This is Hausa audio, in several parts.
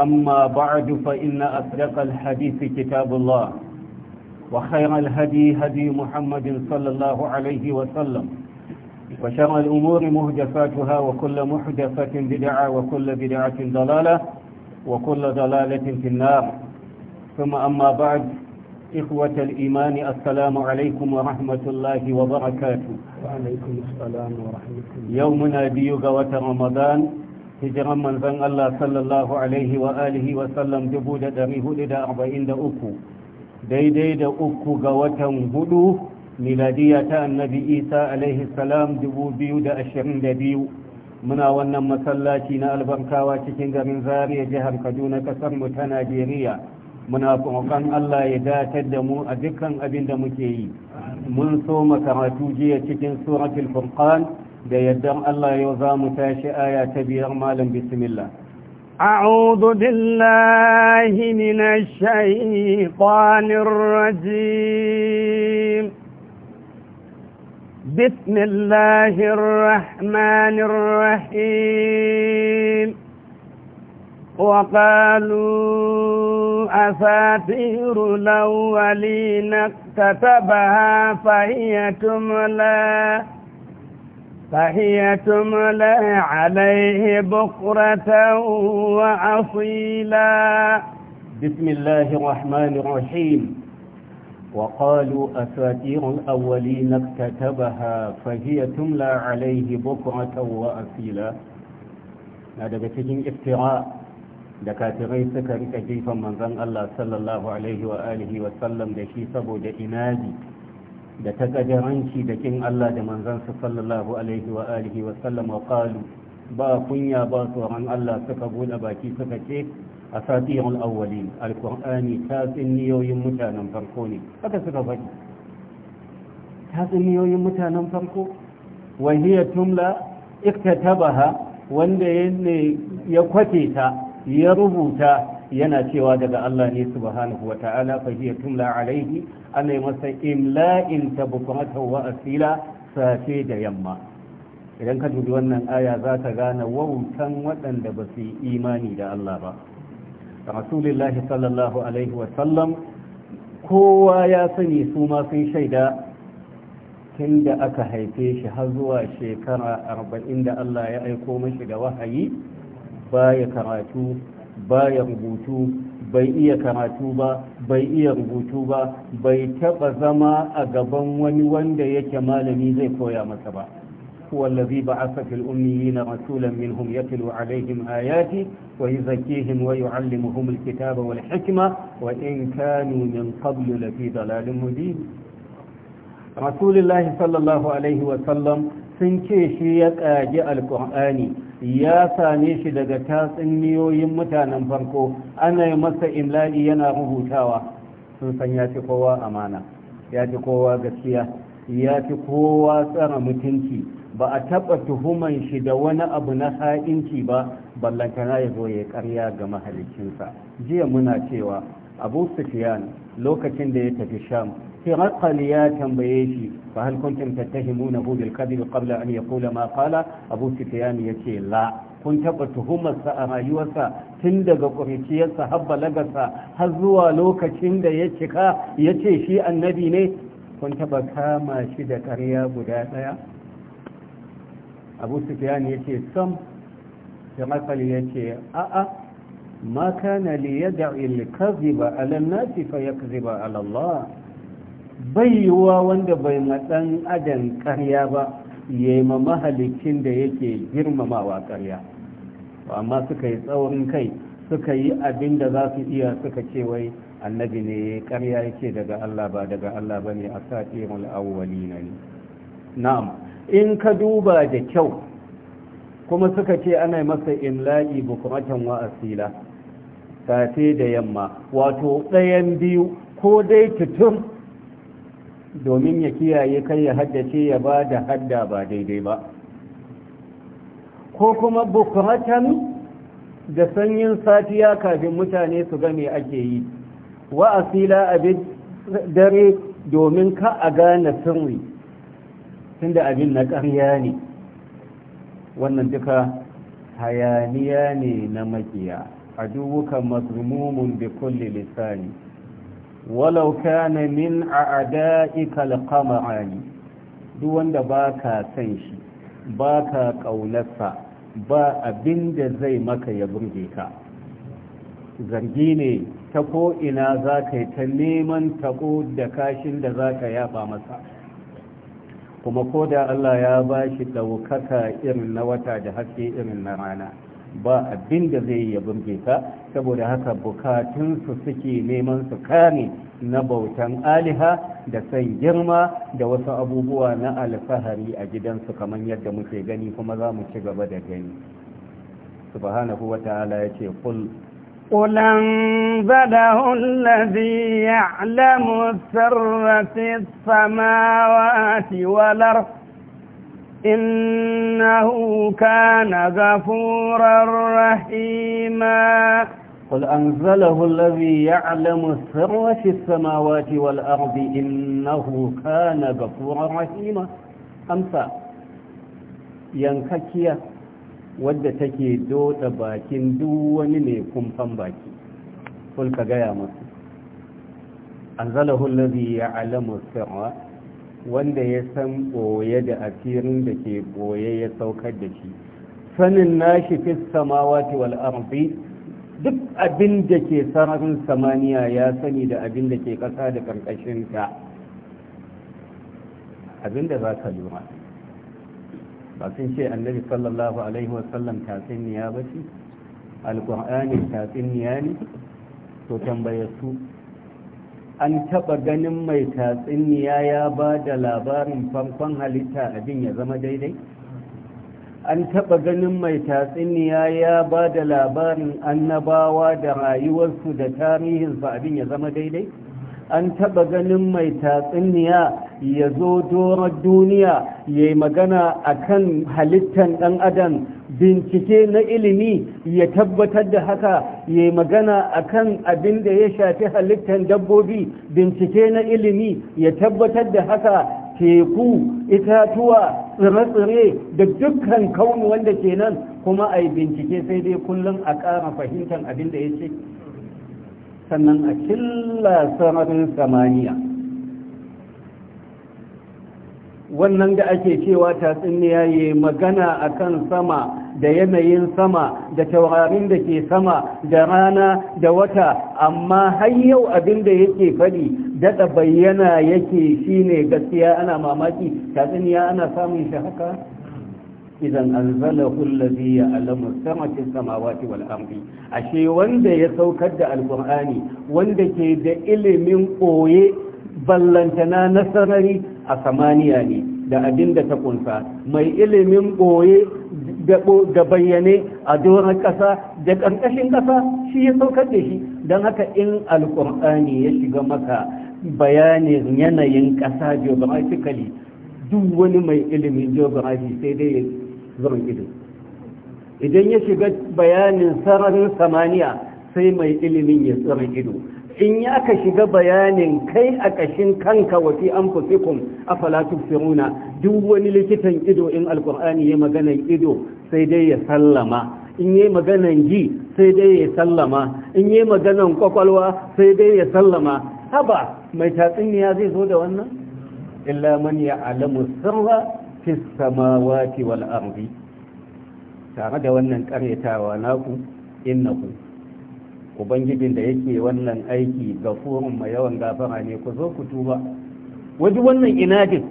أما بعد فإن أصدق الحديث كتاب الله وخير الهدي هدي محمد صلى الله عليه وسلم وشر الأمور مهدفاتها وكل محدثة بدعة وكل بدعة ضلالة وكل ضلالة في النار ثم أما بعد إخوة الإيمان السلام عليكم ورحمة الله وبركاته وعليكم السلام ورحمة الله يومنا بيغة رمضان hijiran manzan Allah sallallahu alaihi wa alihi wa sallam dubu da ɗari hudu da arba'in da uku daidai da uku ga watan hudu miladiya ta annabi isa alaihi salam dubu biyu da ashirin da biyu muna wannan masallaci na albarkawa cikin garin zaria jihar kaduna ƙasarmu mu ta najeriya muna roƙon Allah ya datar da mu a dukkan abin da muke yi mun so makaratu jiya cikin suratul furqan da yaddan Allah yau za mu tashi aya ta biyar malam bismillah أعوذ بالله من الشيطان الرجيم بسم الله الرحمن الرحيم وقالوا أساطير الأولين اكتتبها فهي تملا فهي تملى عليه بكرة وأصيلا بسم الله الرحمن الرحيم وقالوا أساتير الأولين اكتتبها فهي تملى عليه بكرة وأصيلا هذا بتجين افتراء da kafirai suka rika jifan manzon Allah sallallahu alaihi wa alihi wa sallam da shi saboda inaji da takadaranci da kin Allah da manzansa sallallahu alaihi wa alihi wa sallam wa qalu ba kunya ba tsoron Allah suka bude baki suka ce a satiyar awwalin alkur'ani ta tsinniyoyin mutanen farko ne haka suka faɗi ta tsinniyoyin mutanen farko wahiyar tumla iktatabaha wanda ya kwace ta ya rubuta yana cewa daga Allah ne subhanahu wata'ala fa hiya tumla alaihi ana yi masa imla'in tabukumata wa asila safe da yamma idan ka dubi wannan aya za ka gane wautan waɗanda ba su yi imani da Allah ba rasulullahi sallallahu alaihi wasallam kowa ya sani su ma sun shaida tun da aka haife shi har zuwa shekara arba'in da Allah ya aiko mashi da wahayi baya karatu baya rubutu bai iya karatu ba bai iya rubutu ba bai taɓa zama a gaban wani wanda yake malami zai koya masa ba wallazi ba'atha fil ummiyina rasulan minhum yatlu alaihim ayati wa yuzakkihim wa yu'allimuhum alkitaba wal hikma wa in kanu min qablu lafi dalalin mubin sallallahu alaihi wa sallam sun ce shi ya ƙage alƙur'ani ya same shi daga tatsuniyoyin mutanen farko ana yi masa imla'i yana rubutawa sun san ya fi kowa amana ya fi kowa gaskiya ya fi kowa tsara mutunci ba a taɓa tuhuman shi da wani abu na haɗinci ba ballantana ya zo ya karya ga mahalicinsa jiya muna cewa abu sufiyan lokacin da ya tafi sham firaqal ya tambaye shi fa hal kuntum tattahimunahu bil kadhib qabla an yaqula ma qala abu sufyan yace la kun taba tuhumarsa a rayuwarsa tun daga ƙuriciyarsa har balagarsa har zuwa lokacin da ya cika ya ce shi annabi ne kun taba kama shi da karya guda ɗaya abu sufyan ya ce sam da matsali ya ce a'a ma kana li yada'i al ala nasi fa yakdhiba ala Allah baiwa wanda bai matsan adam karya ba ya yi mahalicin da yake girmamawa karya amma suka yi tsaurin kai suka yi abin da za su iya suka ce wai annabi ne karya yake daga Allah ba daga Allah ba ne a sa'irul awwali na ne na'am in ka duba da kyau kuma suka ce ana masa imla'i bukuratan wa asila safe da yamma wato ɗayan biyu ko dai tutum domin ya kiyaye kai ya haddace ya ba da hadda ba daidai ba ko kuma bukuratan da sanyin safiya kafin mutane su gane ake yi wa asila abin dare domin ka a gane sirri tunda abin na ƙarya ne wannan duka hayaniya ne na makiya a duwukan mazmumun da kulle lissani walau kana min a al-qama'ani duk wanda ba ka san shi ka ƙaunarsa, ba abin da zai maka ya burge ka zargi ne ta ko'ina za ka yi ta neman tabo da kashin da za ka yaba masa kuma ko da Allah ya ba shi ɗaukaka irin na wata da haske irin na rana ba abin da zai ya burge ka saboda haka bukatunsu suke neman su kame na bautan aliha da san girma da wasu abubuwa na alfahari a gidansu kamar yadda muke gani kuma za mu ci gaba da gani subhanahu wa ta'ala ya ce kul قل أنزله ya يعلم السر في السماوات والأرض إنه كان غفورا رحيما قل أنزله الذي يعلم السر في السماوات والأرض إنه كان غفورا رحيما أمسى ينككيا wadda take dota bakin duk wani mai kumfan baki kul ka gaya masu an zalahun lazi ya alamu sirra wanda ya san boye da asirin da ke boye ya saukar da shi sanin nashi fi samawati wal ardi duk abin da ke sararin samaniya ya sani da abin da ke ƙasa da karkashin ta abin da za ka lura ba sun ce annabi sallallahu alaihi wasallam niya ba ce alƙur'ani niya ne to tambaye su an taɓa ganin mai tatsuniya ya ba da labarin famfan halitta abin ya zama daidai an taɓa ganin mai tatsuniya ya ba da labarin annabawa da rayuwarsu da tarihinsu abin ya zama daidai an taɓa ganin mai tatsuniya ya zo doron duniya ya yi magana a kan halittan ɗan adam bincike na ilimi ya tabbatar da haka ya yi magana akan abin da ya shafi halittar dabbobi bincike na ilimi ya tabbatar da haka teku itatuwa tsire-tsire da dukkan kauni wanda ke nan kuma a yi bincike sai dai kullum a ƙara fahimtar abin da ya ce sannan a killa sararin samaniya wannan da ake cewa tatsuniya ya magana akan sama da yanayin sama da taurarin da ke sama da rana da wata amma har yau abin da yake faɗi daɗa bayyana yake shine gaskiya ana mamaki tatsuniya ana samun shi haka idan anzalahu allazi ya'lamu samati samawati wal ardi ashe wanda ya saukar da alqur'ani wanda ke da ilimin koye ballantana na sarari a samaniya ne da abin da ta kunsa mai ilimin boye ga bayyane a doron ƙasa da ƙarƙashin ƙasa shi ya saukar da shi don haka in alƙur'ani ya shiga maka bayanin yanayin ƙasa geographically duk wani mai ilimin geography sai dai ya zuru ido idan ya shiga bayanin sararin samaniya sai mai ilimin ya tsirin ido in ya ka shiga bayanin kai a ƙashin kanka wafi an fi a falatun firuna duk wani likitan ido in alkur'ani ya magana ido sai dai ya sallama in yi maganan ji sai dai ya sallama in yi maganan kwakwalwa sai dai ya sallama haba mai tatsuniya zai zo da wannan illa man ya alamu sirra fi samawati wal ardi tare da wannan karyatawa naku innahu ubangijin da yake wannan aiki ga mai yawan gafara ne ku zo ku tuba waje wannan inajin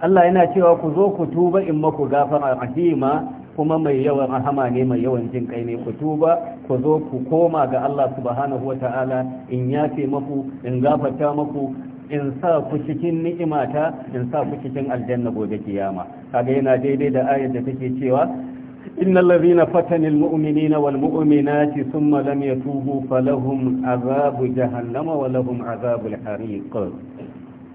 Allah yana cewa ku zo ku tuba in maku gafara rahima kuma mai yawan rahama ne mai yawan jin kai ne ku tuba ku zo ku koma ga Allah subhanahu wata'ala in yafe maku in gafarta maku in sa ku cikin ni'imata in sa ku cikin aljanna gobe kiyama kaga yana daidai da ayar da take cewa إن الذين فتنوا المؤمنين والمؤمنات ثم لم يتوبوا فلهم عذاب جهنم ولهم عذاب الحريق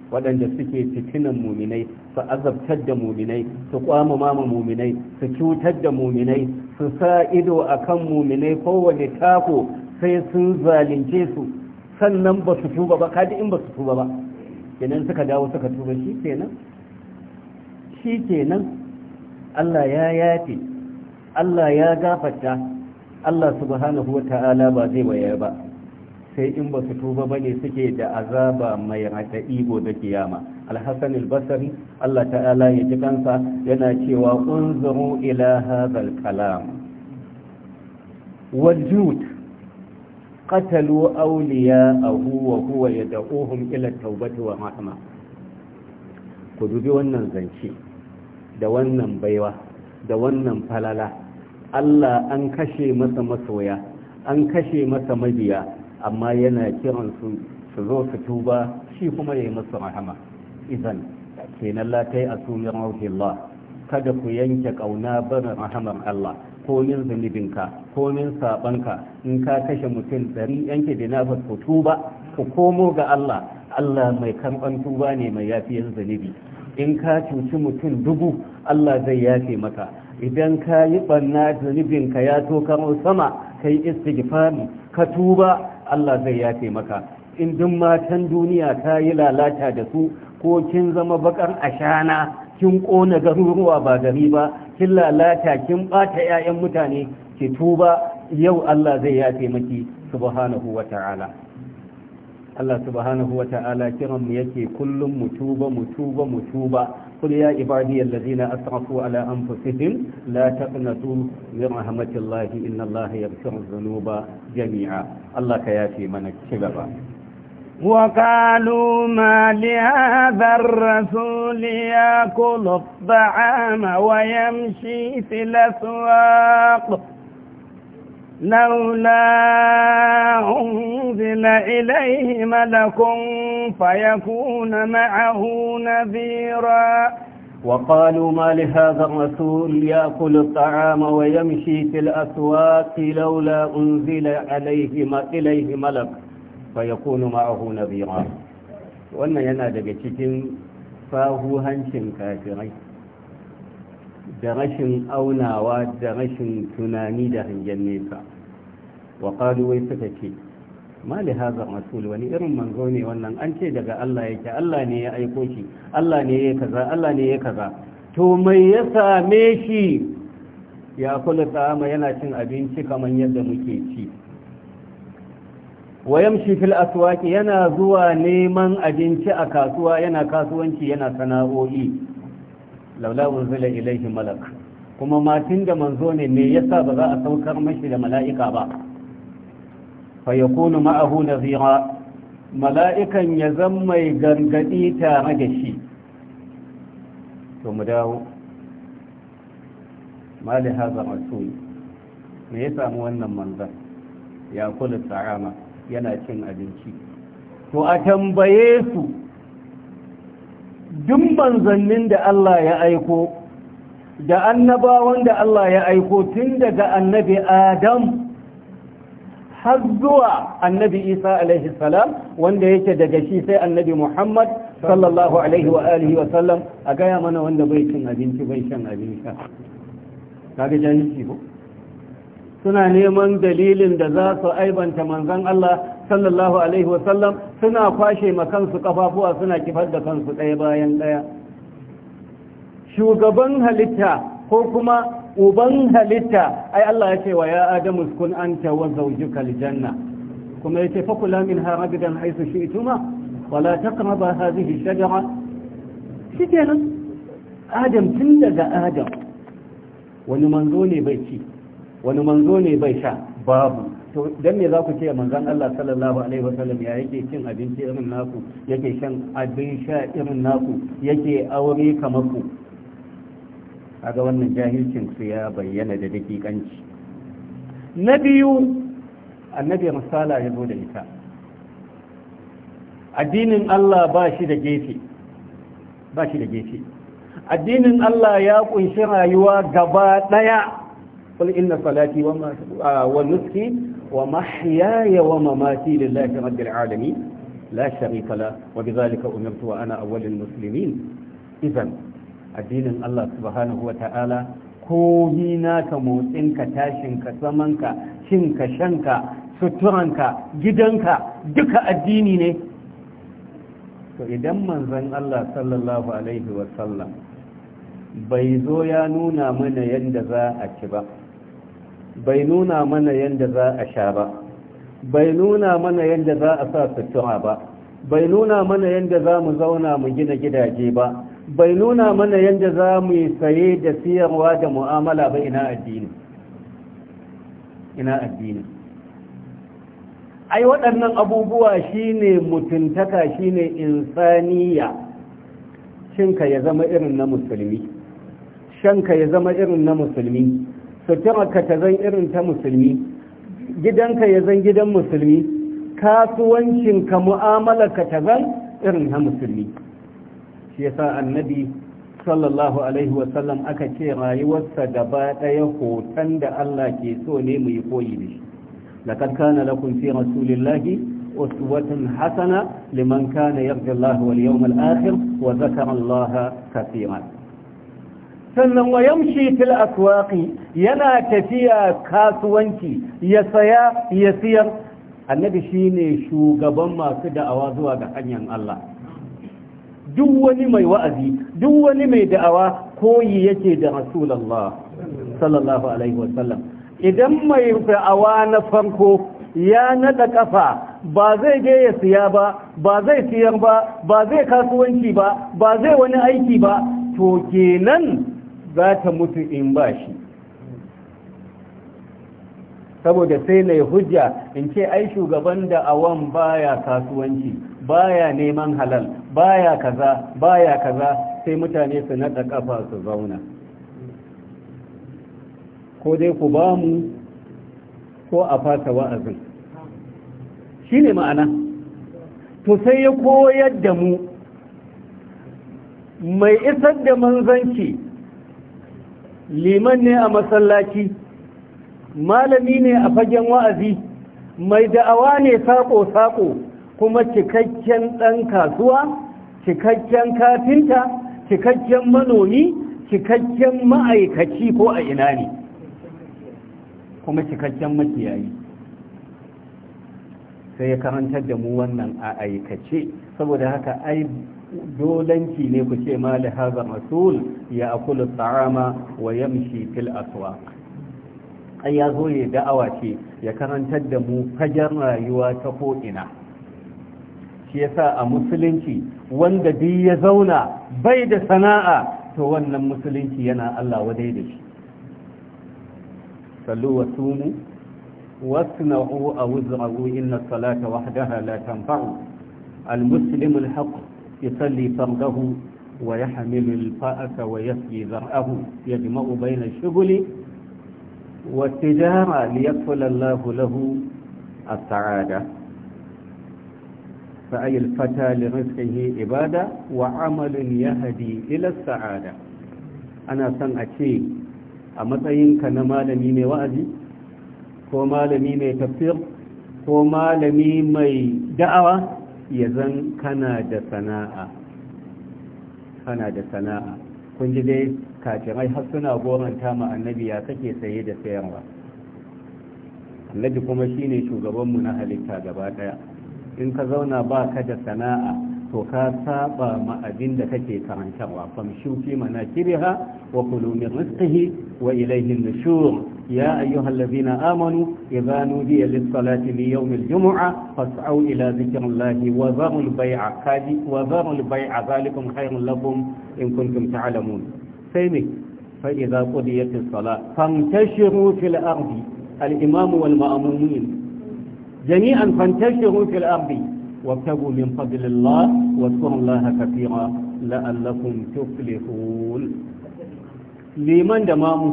waɗanda suke fitinan muminai su azabtar da muminai su kwama mama muminai su cutar da muminai su sa ido a kan muminai kowane tako sai sun zalunce su sannan ba su tuba ba kaji in ba su tuba ba kenan suka dawo suka tuba shi kenan shi kenan Allah ya yafe Allah ya gafarta Allah subhanahu wa ta'ala ba zai waya ba sai in ba su tuba ba ne suke da azaba mai raɗaɗi da kiyama alhassan albasari Allah ta'ala ya ji kansa yana cewa unzuru ila hadhal kalam wajud qatalu awliya'ahu wa huwa yad'uhum ila tawbati wa rahma ku dubi wannan zance da wannan baiwa da wannan falala Allah an kashe masa masoya an kashe masa mabiya amma yana kiran su su zo su tuba shi kuma ya yi masa rahama idan kenan a tai asumi rahillah kada ku yanke kauna barin rahamar Allah komin zunubinka komin sabanka in ka kashe mutum ɗari yanke dinafar ku tuba ku komo ga Allah Allah mai karɓan tuba ne mai yafiyan zunubi in ka cuci mutum dubu Allah zai yafe maka idan ka yi banna ka ya to karo sama ka yi istighfari ka tuba Allah zai yafe maka in duk matan duniya ta yi lalata da su ko kin zama bakar ashana kin kona garuruwa ba gari ba kin lalata kin bata 'ya'yan mutane ki tuba yau Allah zai yafe maki subhanahu wa ta'ala Allah subhanahu wa ta'ala kiran mu yake kullum mu tuba mu tuba mu tuba qul ya ibadi allazina asrafu ala anfusihim la taqnatu min rahmatillahi inna allaha yaghfiru dhunuba jami'a Allah ka yafi mana cigaba وقالوا ما لهذا الرسول يأكل الطعام ويمشي في الأسواق لولا أنزل إليه ملك فيكون معه نذيرا وقالوا ما لهذا الرسول يأكل الطعام ويمشي في الأسواق لولا أنزل عليه إليه ملك فيكون معه نذيرا وأن ينادى بشكل فهو هنش كافرين da rashin aunawa da rashin tunani da hangen nesa wa wai suka ce ma da haza wani irin manzo ne wannan an ce daga Allah yake Allah ne ya aiko shi Allah ne ya kaza Allah ne ya kaza to mai ya same shi ya kula tsama yana cin abinci kamar yadda muke ci Wayam fil aswaki yana zuwa neman abinci a kasuwa yana kasuwanci yana sana'o'i laula wuzila ilaihi malak kuma matin da manzo ne me yasa ba za a saukar mashi da mala'ika ba fa yakunu ma'ahu nazira mala'ikan ya zan mai gargadi tare da shi to mu dawo mali haza rasul me ya samu wannan manzan ya kula tsarama yana cin abinci to a tambaye su duk manzannin da Allah ya aiko da annabawan da Allah ya aiko tun daga annabi Adam har zuwa annabi Isa alaihi salam wanda yake daga shi sai annabi Muhammad sallallahu alaihi wa alihi wa sallam a gaya mana wanda bai cin abinci bai shan abin sha kaga ko suna neman dalilin da za su aibanta manzon Allah sallallahu alaihi wasallam suna kwashe ma kansu kafafuwa suna kifar da kansu ɗaya bayan ɗaya shugaban halitta ko kuma uban halitta ai Allah ya ce wa ya adamu kun anta wa zawjuka aljanna kuma yace fa kula min harabidan haythu shi'tuma wala taqraba hadhihi shajara shikenan adam tun daga adam wani manzo ne bai ci wani manzo ne bai sha babu to dan me za ku ce manzon Allah sallallahu alaihi wasallam ya yake cin abinci irin naku yake shan abin sha irin naku yake aure kamar ku kaga wannan jahilcin su ya bayyana da dakikanci na biyu annabi misala ya zo da ita addinin Allah ba shi da gefe ba shi da gefe addinin Allah ya kunshi rayuwa gaba daya kul inna salati wa nusuki ومحياي ومماتي لله رب العالمين لا شريك له وبذلك أمرت وأنا أول المسلمين إذا addinin Allah subhanahu wa ta'ala komi naka motsinka tashinka samanka cinka shanka suturanka gidanka duka addini ne to idan manzon Allah sallallahu alaihi sallam bai zo ya nuna mana yadda za a ci ba bai nuna mana yadda za a sha ba bai nuna mana yadda za a sa sutura ba bai nuna mana yadda za mu zauna mu gina gidaje ba bai nuna mana yadda za mu yi saye da siyarwa da mu'amala ba ina addini ina addini ai waɗannan abubuwa shine mutuntaka shine insaniya shinka ya zama irin na musulmi shanka ya zama irin na musulmi suturarka ta zan irin ta musulmi gidanka ya zan gidan musulmi kasuwancinka mu'amalarka ta zan irin ta musulmi shi sa annabi sallallahu alaihi wasallam aka ce rayuwarsa gaba ɗaya hoton da Allah ke so ne mu yi koyi da shi laqad kana lakum fi rasulillahi uswatun hasana liman kana yarju Allah wal yawmal akhir wa zakara Allah sannan wa yamshi fil aswaqi yana tafiya kasuwanci ya saya ya siyar annabi shine shugaban masu da'awa zuwa ga hanyar Allah duk wani mai wa'azi duk wani mai da'awa koyi yake da rasulullah sallallahu alaihi wasallam idan mai da'awa na farko ya nada kafa ba zai je ya siya ba ba zai siyar ba ba zai kasuwanci ba ba zai wani aiki ba to kenan za ta mutu in ba shi saboda sai na hujja in ce ai shugaban da awan baya kasuwanci baya neman halal baya kaza baya kaza sai mutane su naɗa ƙafa su zauna ko dai ku ba mu ko a fata wa'azin shi ne ma'ana to sai ya koyar da mu mai isar da manzanci liman ne a masallaci malami ne a fagen wa'azi mai da'awa ne sako-sako kuma cikakken ɗan kasuwa cikakken kafinta cikakken manomi cikakken ma'aikaci ko a ina ne kuma cikakken makiyayi sai ya karantar da mu wannan a aikace saboda haka ai dolanci ne ku ce ma li hazar rasul ya akulu ta'ama wa yamshi fil aswaq ai ya zo ya da'awa ce ya karantar da mu fajar rayuwa ta ko'ina shi yasa a musulunci wanda duk ya zauna bai da sana'a to wannan musulunci yana Allah wadai da shi sallu wa sumu wasna'u aw za'u inna salata wahdaha la tanfa'u al-muslimu al-haqq يصلي فرده ويحمل الفأس ويسقي ذرعه يجمع بين الشغل والتجارة ليكفل الله له السعادة فأي الفتى لرزقه عبادة وعمل يهدي إلى السعادة أنا سنأتي أمتين كان مالمي مي وأزي ko malami mai tafsir ko malami mai da'awa ya zan kana da sana'a kana da sana'a kun ji dai ai har suna goranta ma annabi ya kake saye da sayarwa annabi kuma shine shugabanmu na halitta gaba daya in ka zauna ba ka da sana'a to ka saba ma abin da kake karantarwa famshu fi manakiriha wa kulu min rizqihi wa ilayhi nushur ya ayyuhal ladhina amanu idza nudiya lis salati li yawm al jumu'a fas'au ila dhikrillahi wa dharul bay'a kaji wa dharul bay'a zalikum khayrun lakum in kuntum ta'lamun sai ne fa idza qudiyat as salat fantashiru fil ardi al imam wal ma'mumin jami'an fantashiru fil ardi وابتغوا من فضل الله واذكروا الله كثيرا لعلكم تفلحون liman da mamu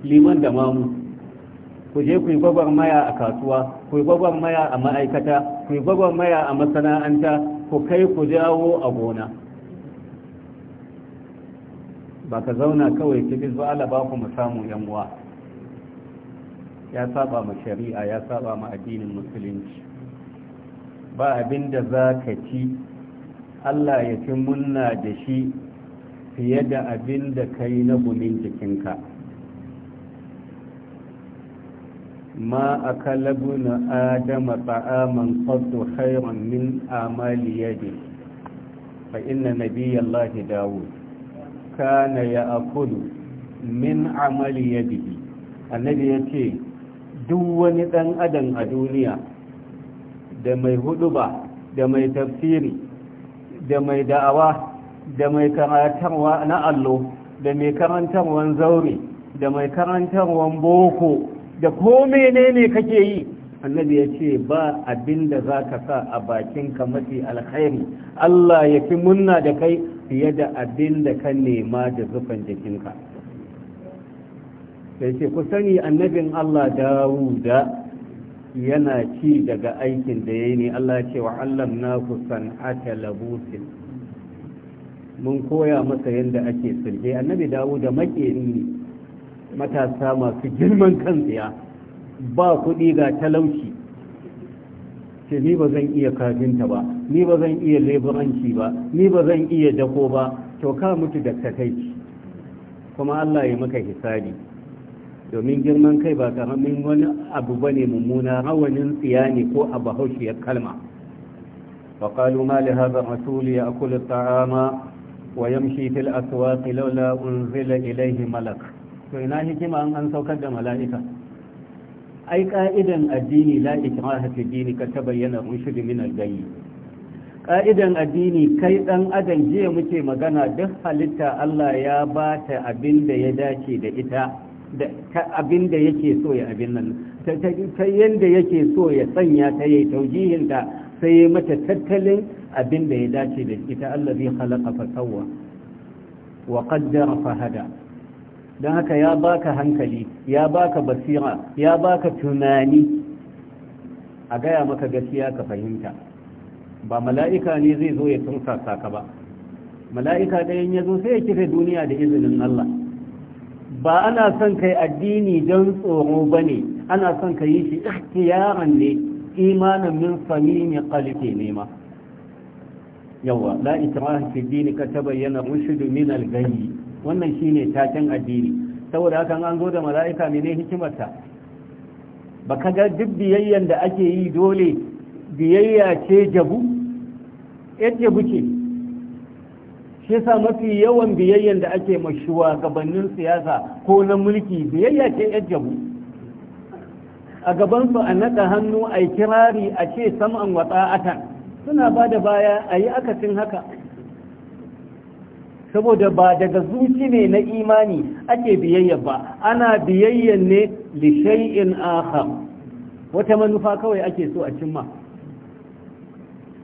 liman da mamu ku je ku yi a kasuwa ku yi maya a ma'aikata ku yi maya a masana'anta ku kai ku jawo a gona ba ka zauna kawai kibis ba Allah ba ku mu samu yamuwa ya saba ma shari'a ya saba ma addinin musulunci ba abin da za ka ci allah ya fi munna da shi fiye da abin da ka yi na gumin jikinka ma a kalabu na adama ta'aman kwatsu hairan min amaliya ne fa inna nabi yallahi dawud kana ya akulu min amaliya bihi annabi ya ce duk wani ɗan adam a duniya da mai huduba da mai tafsiri da mai da'awa da mai karantarwa na allo da mai karantarwan zaure da mai karantarwan boko da ko menene kake yi annabi ya ce ba abin da za ka sa a bakin ka mafi alkhairi Allah ya fi munna da kai fiye da abin da ka nema da zufan jikinka sai ce ku sani annabin Allah Dawuda yana ci daga aikin da ya yi ne Allah ce wa allamna ku san'ata labusin mun koya masa yadda ake sulhe annabi dawo da makeri matasa masu girman kan tsiya ba kuɗi ga talauci ce ni ba zan iya kafinta ba ni ba zan iya leburanci ba ni ba zan iya dako ba to ka mutu da takaici kuma Allah ya maka hisabi domin girman kai ba karamin wani abu ba ne mummuna rawanin tsiyani ne ko a bahaushiyar kalma faƙalu ma li haza rasuli ya akula ta'ama wa yamshi fil aswaqi laula unzila ilayhi malak to ina hikima an an saukar da mala'ika ai ka'idan addini la ikraha fi dini ka tabayyana rushd min al-gayy ka'idan addini kai ɗan adam jiya muke magana duk halitta Allah ya ba ta abin da ya dace da ita da abin da yake so ya abin nan ta yadda yake so ya sanya ta yi taujihinta sai ya mata tattalin abin da ya dace da ita Allah zai halaka fasawa wa qaddara fahada don haka ya baka hankali ya baka basira ya baka tunani a gaya maka gaskiya ka fahimta ba mala'ika ne zai zo ya tunsa ka ba mala'ika ɗayan ya zo sai ya kife duniya da izinin Allah ba ana son kai addini don tsoro ba ne ana son ka yi shi ikhtiyaran ne imanin min samimi qalbi ne ma yawa la itrahi fi dini ka tabayyana rushdu min al-ghayy wannan shine taken addini saboda hakan an zo da mala'ika ne hikimarta ba ka ga duk biyayyen da ake yi dole biyayya ce jabu yadda buke shi yasa mafi yawan biyayyan da ake mashuwa gabanin siyasa ko na mulki biyayya ce yan jamu a gabansu a naɗa hannu a yi kirari a ce sam'an watsa'atan suna ba da baya a yi akasin haka saboda ba daga zuci ne na imani ake biyayya ba ana biyayyan ne li shay'in akhar wata manufa kawai ake so a cimma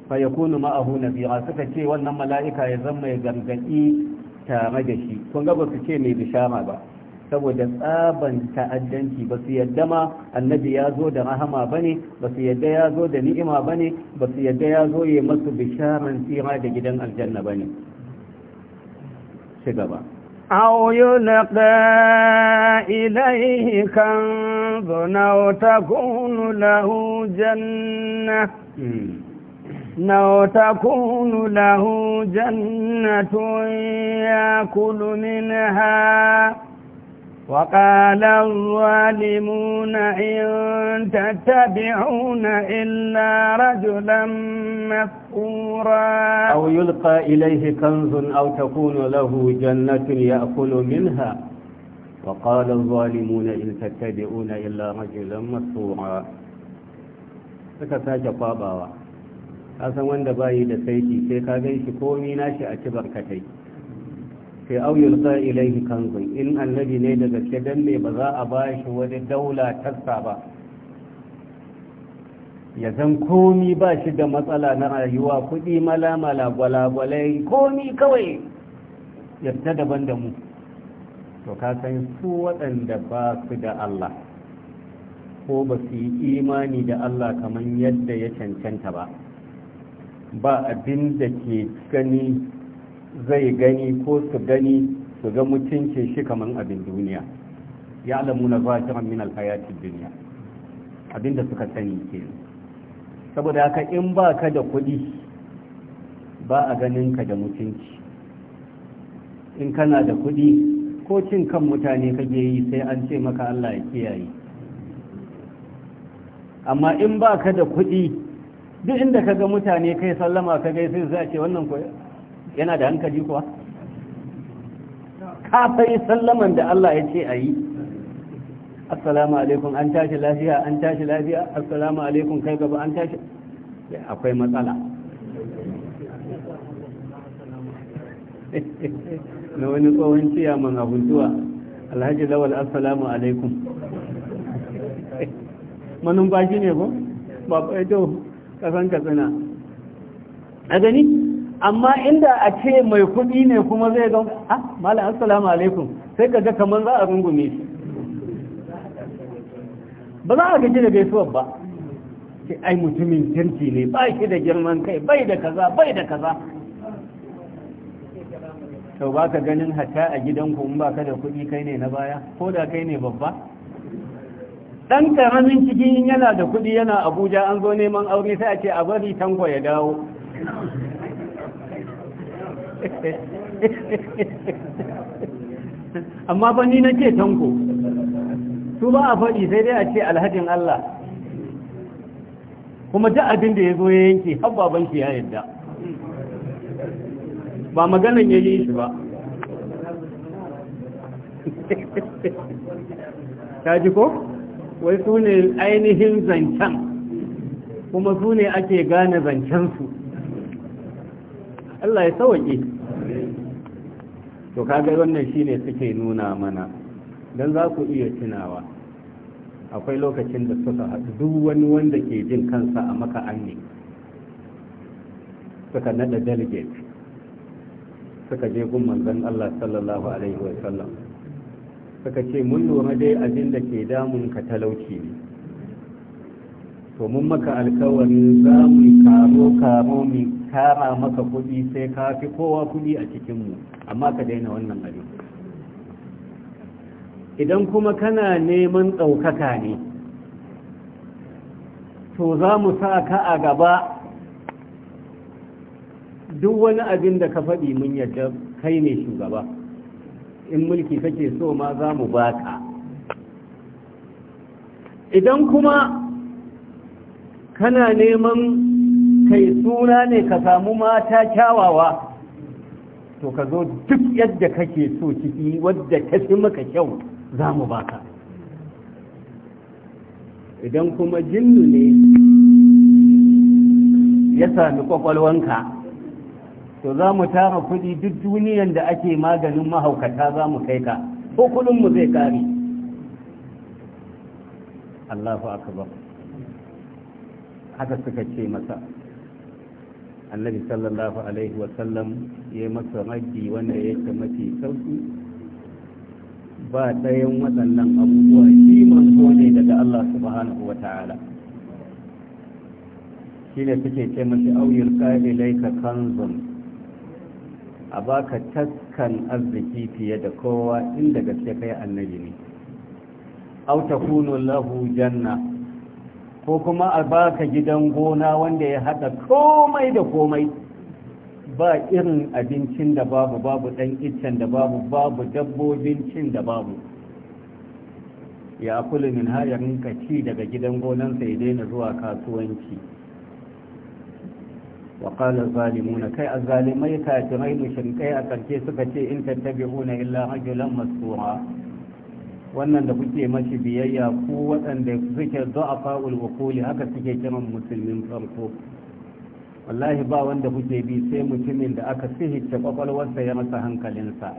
fayakunu ma'ahu nadira suka ce wannan mala'ika ya zama mai gargadi tare da shi kun ga ba su ce mai bishara ba saboda tsaban ta'addanci ba su yadda ma annabi ya zo da rahama ba ne ba su yadda ya zo da ni'ima ba ne ba su yadda ya zo ya masu bisharan tsira da gidan aljanna ba ne ci gaba أو يلقى إليه كنز أو تكون له جنة أو تكون له جنة يأكل منها وقال الظالمون إن تتبعون إلا رجلا مفكورا أو يلقى إليه كنز أو تكون له جنة يأكل منها وقال الظالمون إن تتبعون إلا رجلا مسورا فكساك بابا ka san wanda bayi da saiti sai ka gan shi komi nashi a cibar katai sai au ka ilaihi kanzun in annabi ne da gaske dan me ba za a ba shi wani daula tassa ba ya zan komi ba shi da matsala na rayuwa kuɗi malamala gwalagwalai komi kawai yadda daban da mu to ka san su waɗanda ba su da Allah ko ba su yi imani da Allah kamar yadda ya cancanta ba ba abin da ke gani zai gani ko su gani su ga mutuncin shi kamar abin duniya ya alamu na shi min alhayatin duniya abin da suka sani ke saboda haka in ba ka da kuɗi ba a ganin ka da mutunci in kana da kuɗi ko cin kan mutane kake yi sai an ce maka Allah ya kiyaye amma in ba ka da kuɗi duk inda ka ga mutane kai sallama ka gai sai za ce wannan ko yana da hankali kuwa ka fai sallaman da Allah ya ce a yi assalamu alaikum an tashi lafiya an tashi lafiya assalamu alaikum kai gaba an tashi akwai matsala na wani tsohon man abuntuwa alhaji lawal assalamu alaikum manumfashi ne ko ba ƙwaido eh, kasan katsina a gani amma inda a ce mai kuɗi ne kuma zai don ha? malam assalamu alaikum sai ka ga kamar za a rungume shi ba za a gaji da gaisuwar ba ce ai mutumin kirki ne ba shi da girman kai bai da kaza bai da kaza to ba ka ganin hatta a gidanku in ba ka da kuɗi kai ne na baya ko da kai ne babba dan karamin cikin yana da kuɗi yana abuja an zo neman aure sai a ce a bari tanko ya dawo amma ba ni na ce tanko su ba a faɗi sai dai a ce alhajin Allah kuma ta abin da ya zo ya yanke har baban ya yadda ba maganan ya yi shi ba ta ji ko? wai su ne ainihin zancen kuma su ne ake gane zancensu Allah ya sauƙi to kaga wannan shine suke nuna mana don za ku iya tunawa akwai lokacin da suka haɗu duk wani wanda ke jin kansa a maka ne suka nada delegate suka je gun manzan Allah sallallahu alaihi wasallam suka ce mun lura dai abin da ke damun ka talauci ne to mun maka alkawarin za mu karo karo mu kara maka kuɗi sai ka fi kowa kuɗi a cikinmu amma ka daina wannan abin idan kuma kana neman ɗaukaka ne to za mu sa ka a gaba duk wani abin da ka faɗi mun yadda kai ne shugaba in mulki kake so ma za mu baka idan kuma kana neman kai suna ne ka samu mata kyawawa to ka zo duk yadda kake so ciki wadda ta fi maka kyau za mu baka idan kuma jinnu ne ya sami kwakwalwanka to za mu tara kuɗi duk duniyan da ake maganin mahaukata za mu kai ka ko mu zai kare allahu akbar haka suka ce masa annabi sallallahu alaihi wasallam ya yi masa maji wanda ya ce mafi sauki ba ɗayan waɗannan abubuwa shi manzo ne daga Allah subhanahu wa ta'ala shi ne suke ce mashi auyul ka ilaika kanzun a baka taskan arziki fiye da kowa inda gaske kai annabi ne aw takunu lahu janna ko kuma a baka gidan gona wanda ya hada komai da komai ba irin abincin da babu babu dan iccen da babu babu dabbobin cin da babu ya kula min har ya ci daga gidan sai dai na zuwa kasuwanci wa qala zalimuna kai azzalimai kafirai kai a karshe suka ce in tattabi'una illa rajulan masura wannan da kuke mashi biyayya ku waɗanda suke du'afa ulwukuli haka suke kiran musulmin farko wallahi ba wanda kuke bi sai mutumin da aka sihice kwakwalwarsa ya masa hankalinsa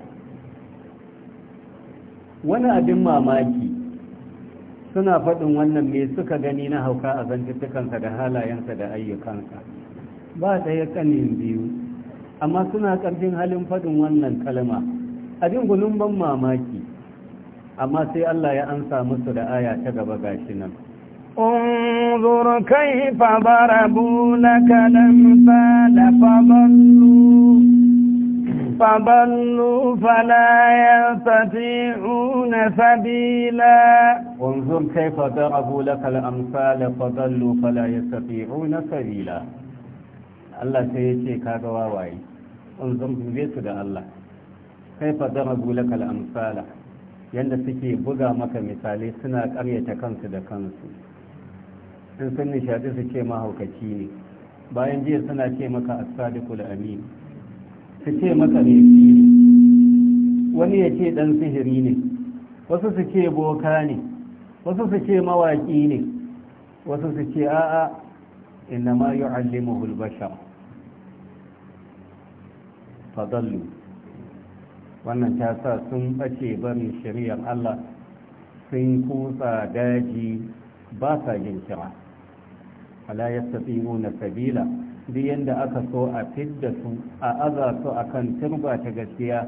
wani abin mamaki suna faɗin wannan me suka gani na hauka a zantuttukansa da halayensa da ayyukansa ba ɗaya kanin biyu amma suna ƙarfin halin faɗin wannan kalma abin gudun ban mamaki amma sai Allah ya ansa musu da aya ta gaba gashi nan انظر كيف ضربوا لك الأمثال فضلوا فضلوا فلا يستطيعون سبيلا انظر كيف ضربوا لك الأمثال فضلوا فلا يستطيعون سبيلا Allah sai ya ce ka ga wawaye in zan su da Allah kai fa zama kal amsala. yadda suke buga maka misali suna karyata kansu da kansu in sun nishadi su ce mahaukaci ne bayan jiya suna ce maka da amin su ce maka ne wani ya ce dan sihiri ne wasu su ce boka ne wasu su ce mawaki ne wasu su ce a'a inna ma yu'allimuhu al-bashar fadallu wannan ta sa sun bace barin shari'ar Allah sun kutsa daji ba sa yin kira ala na sabila duk yanda aka so a fidda su a aza su akan turba ta gaskiya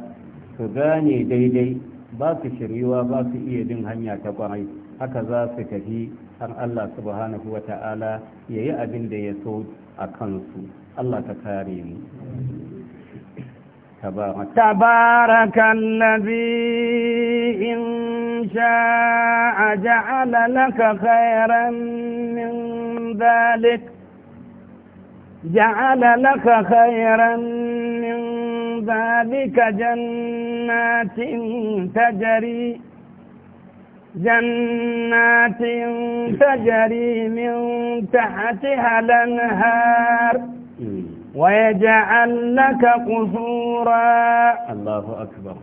su gane daidai ba su shiriwa ba su iya bin hanya ta kwarai haka za su tafi har Allah subhanahu wa ta'ala ya yi abin da ya so a kansu Allah ta kare mu تبارك تبارك الذي إن شاء جعل لك خيرا من ذلك جعل لك خيرا من ذلك جنات تجري جنات تجري من تحتها الأنهار ويجعل لك قصورا الله أكبر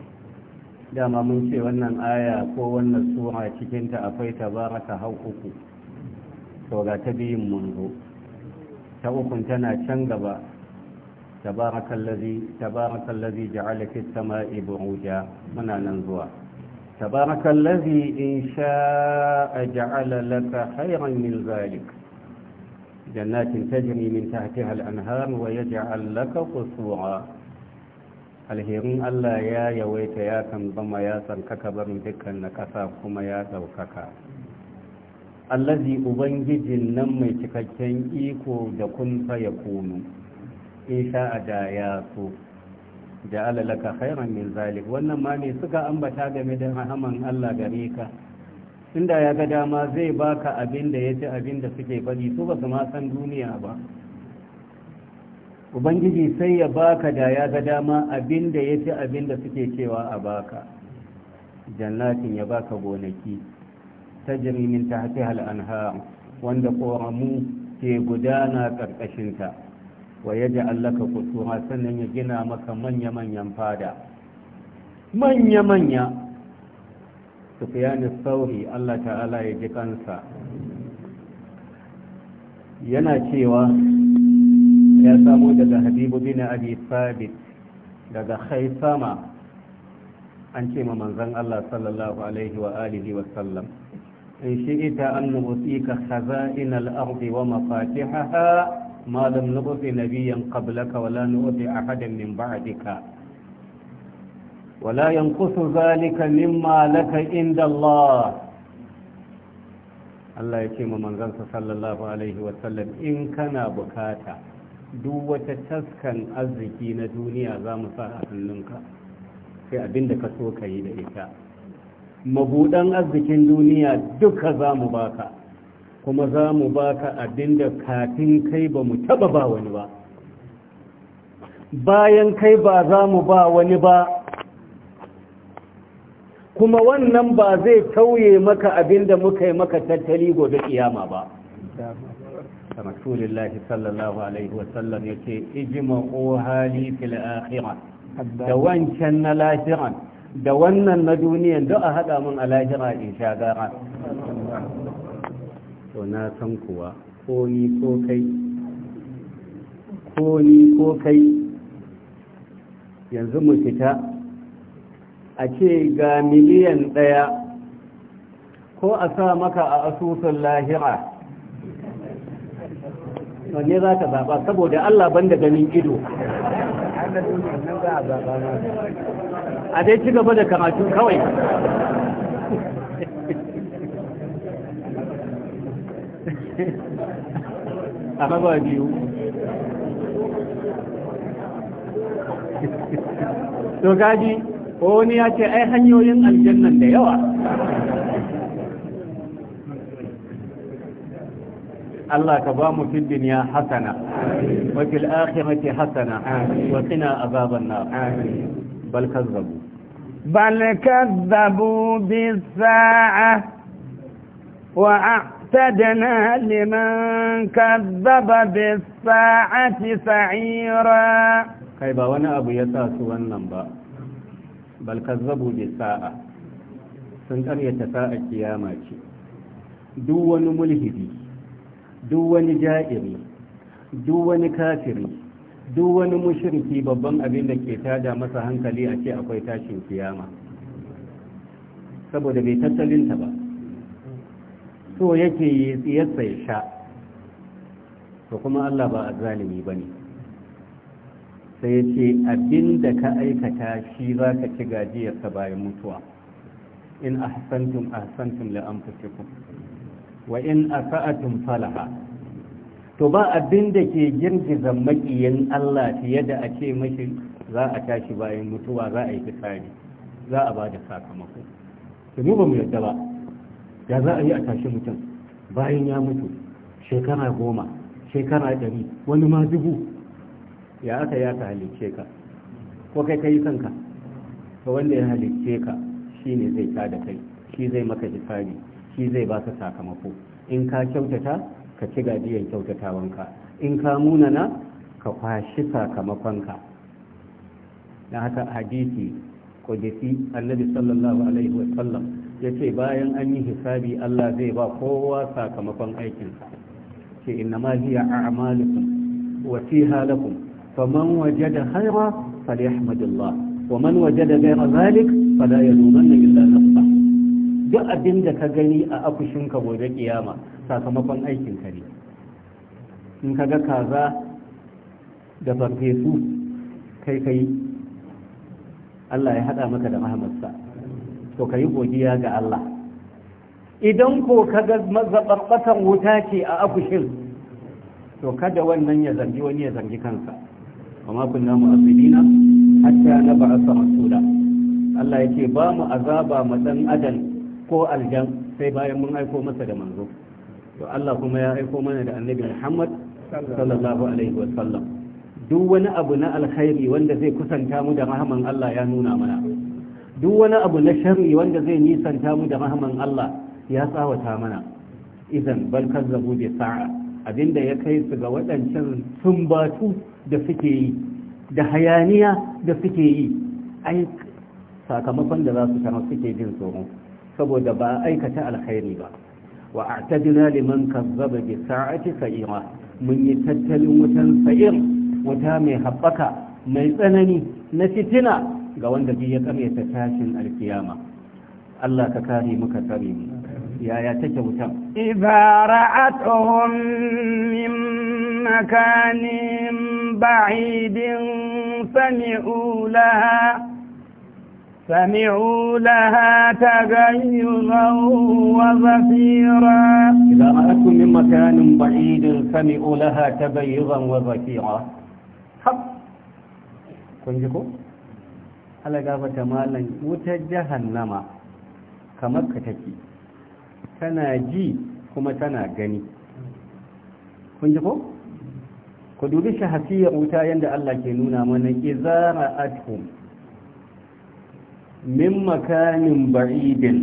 dama mun ce wannan aya ko wannan sura cikinta akwai tabaraka hau uku to ga ta biyun ta ukun tana can gaba tabarakallazi tabarakallazi ja'ala fis sama'i buruja muna nan zuwa tabarakallazi in sha'a ja'ala laka khayran min جنات تجري من تحتها الأنهار ويجعل لك قصورا alherin Allah ya yawaita ya kan zama ya kaka barin dukkan na ƙasa kuma ya ɗaukaka allazi ubangijin nan mai cikakken iko da kun ya kunu sha a da ya so da alalaka khairan min zalik wannan ma ne suka ambata game da rahaman Allah gare ka tunda ya ga dama zai baka abin da ya ci abin da suke faɗi su ba su ma san duniya ba ubangiji sai ya baka da ya ga dama abin da ya ci abin da suke cewa a baka jannatin ya baka gonaki ta jirimin ta hafi al'anha wanda ƙoramu ke gudana ƙarƙashinta wa ya ji allaka kusura sannan ya gina maka manya-manyan fada manya-manya sufiyanin sauri allah ta'ala ya ji kansa yana cewa ya samu daga habibu bin abi sabit daga haisama an ce ma manzon allah sallallahu alaihi wa alihi wasallam in shi ita an nubutsika khaza'in al'ardi wa mafatihaha ma lam nubutsi nabiyan qablaka wala nu'ti ahadan min ba'dika ولا ينقص ذلك مما لك عند الله Allah ya ce ma manzansa sallallahu Alaihi wasallam in kana bukata duk wata taskan arziki na duniya za mu sa a hannunka sai abinda ka so ka yi da ita mabudan arzikin duniya duka za mu baka kuma za mu baka abinda kafin kai ba mu taba ba wani ba bayan kai ba za mu ba wani ba kuma wannan ba zai sauye maka abinda muka yi maka tattali gobe kiyama ba rasulullah sallallahu alaihi wasallam yace ijma'u hali fil akhirah da wancan na lahiran da wannan na duniyan da a haɗa mun a lahira in sha gara to na san kuwa ko ni ko kai ko ni ko kai yanzu mu fita a ce ga miliyan ɗaya ko a sa maka a asusun lahira wanne za ka zaɓa saboda Allah ban da ganin ido a dai ci gaba da karatu kawai a raba biyu to gaji ko wani ya ce ai hanyoyin aljannan da yawa Allah ka ba mu fi duniya hasana wa fil akhirati hasana wa qina azaban nar bal kazzabu bal kazzabu bis sa'a wa أعتدنا لمن كذب بالساعة سعيرا كيف وانا أبو يتاسو النمبر bal kazzabu bi sa'a sun karyata sa'a kiyama ce duk wani mulhidi duk wani ja'iri duk wani kafiri duk wani mushriki babban abin da ke tada masa hankali a ce akwai tashin kiyama saboda bai tattalinta ba so yake yi ya sha to kuma Allah ba a zalimi ba ne sai ya ce abin da ka aikata shi za ka ci ka bayan mutuwa in ahsantum ahsantum li anfusikum wa in asa'atum falaha to ba abin da ke girgiza makiyin Allah fiye da a ce mashi za a tashi bayan mutuwa za a yi fitsari za a ba da sakamako to mu ba mu yadda ba ya za a yi a tashi mutum bayan ya mutu shekara goma shekara ɗari wani ma dubu ya aka ya ka halicce ka ko kai ka yi kanka to wanda ya halicce ka shi ne zai ta da kai shi zai maka hisabi shi zai baka sakamako in ka kyautata ka ci gajiyar kyautatawanka in ka munana ka kwashi sakamakonka na haka hadisi kudisi annabi sallallahu alaihi wasallam ya ce bayan an yi hisabi Allah zai ba kowa sakamakon aikinsa Ke inna ma hiya a'malukum wa fiha lakum faman wajada khaira falyahmadillah wa man da ghayra zalik fala yalumanna illa nafsa duk abin da ka gani a akushin ka gobe kiyama sakamakon aikin ka ne in ka ga kaza da farfesu kai kai Allah ya hada maka da mahammarsa to ka yi godiya ga Allah idan ko ka ga mazaɓaɓɓatan wuta ce a akushin to kada wannan ya zargi, wani ya zargi kansa amma kunna mu'azzibina hatta nab'atha rasula Allah yake ba mu azaba mu dan adam ko aljan sai bayan mun aiko masa da manzo to Allah kuma ya aiko mana da annabi Muhammad sallallahu alaihi wa sallam duk wani abu na alkhairi wanda zai kusanta mu da rahaman Allah ya nuna mana duk wani abu na sharri wanda zai nisanta mu da rahman Allah ya tsawata mana idan bal kazzabu bi sa'a abinda ya kai su ga waɗancan sumbatu da suke yi da hayaniya da suke yi ai sakamakon da za su kama suke jin tsoro saboda ba aikata alkhairi ba wa a'tadna liman kazzaba bi sa'ati sa'ira mun yi tattalin wutan sa'ir wuta mai haɓaka mai tsanani na fitina ga wanda bi ya ta tashin alkiyama Allah ka kare muka kare mu yaya take wuta. Ibara'atuhum min makanin ba'idin sami'u laha sami'u laha tagayyuzan wa zafira. Ibara'atuhum min makanin ba'idin sami'u laha tagayyuzan wa zafira. Hab! Kun ji ko? Alaga ba ta malan wutar jahannama kamar ka tafi. tana ji kuma tana gani kun ji ko ku dubi shahasiyar wuta yadda Allah ke nuna mana izara atkum min makanin ba'idin